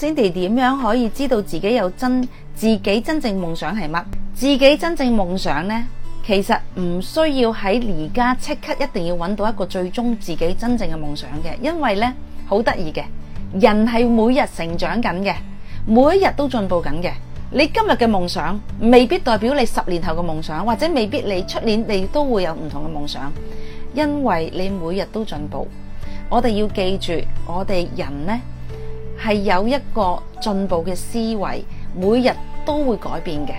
先地點樣可以知道自己有真自己真正夢想係乜？自己真正夢想呢？其實唔需要喺而家即刻一定要揾到一個最終自己真正嘅夢想嘅，因為呢好得意嘅，人係每日成長緊嘅，每一日都進步緊嘅。你今日嘅夢想未必代表你十年後嘅夢想，或者未必你出年你都會有唔同嘅夢想，因為你每日都進步。我哋要記住，我哋人呢？係有一個進步嘅思維，每日都會改變嘅。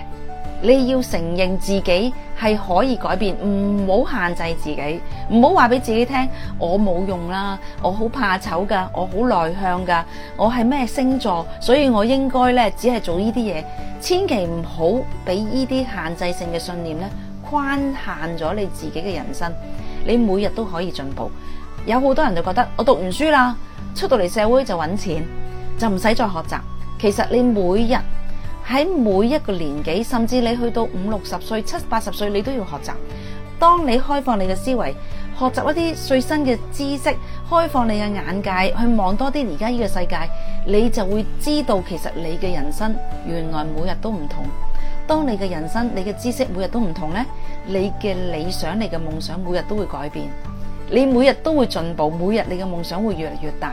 你要承認自己係可以改變，唔好限制自己，唔好話俾自己聽我冇用啦。我好怕醜噶，我好內向噶，我係咩星座，所以我應該咧只係做呢啲嘢。千祈唔好俾呢啲限制性嘅信念咧，框限咗你自己嘅人生。你每日都可以進步。有好多人就覺得我讀完書啦，出到嚟社會就揾錢，就唔使再學習，其實你每日喺每一個年紀，甚至你去到五六十歲、七八十歲，你都要學習。當你開放你嘅思維，學習一啲最新嘅知識，開放你嘅眼界，去望多啲而家呢個世界，你就會知道，其實你嘅人生原來每日都唔同。當你嘅人生、你嘅知識每日都唔同呢，你嘅理想、你嘅夢想每日都會改變，你每日都會進步，每日你嘅夢想會越嚟越大。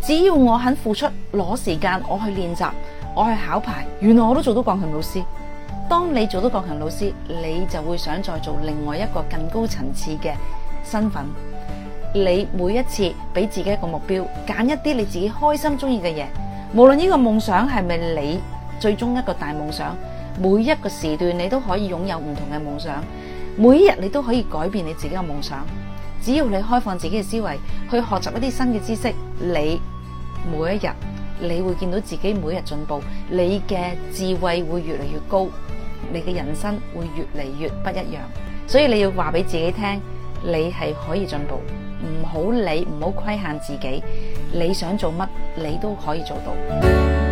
只要我肯付出，攞時間我去練習，我去考牌，原來我都做到鋼琴老師。當你做到鋼琴老師，你就會想再做另外一個更高層次嘅身份。你每一次俾自己一個目標，揀一啲你自己開心中意嘅嘢。無論呢個夢想係咪你最終一個大夢想，每一個時段你都可以擁有唔同嘅夢想，每一日你都可以改變你自己嘅夢想。只要你開放自己嘅思維，去學習一啲新嘅知識，你每一日，你會見到自己每日進步，你嘅智慧會越嚟越高，你嘅人生會越嚟越不一樣。所以你要話俾自己聽，你係可以進步，唔好理，唔好規限自己，你想做乜，你都可以做到。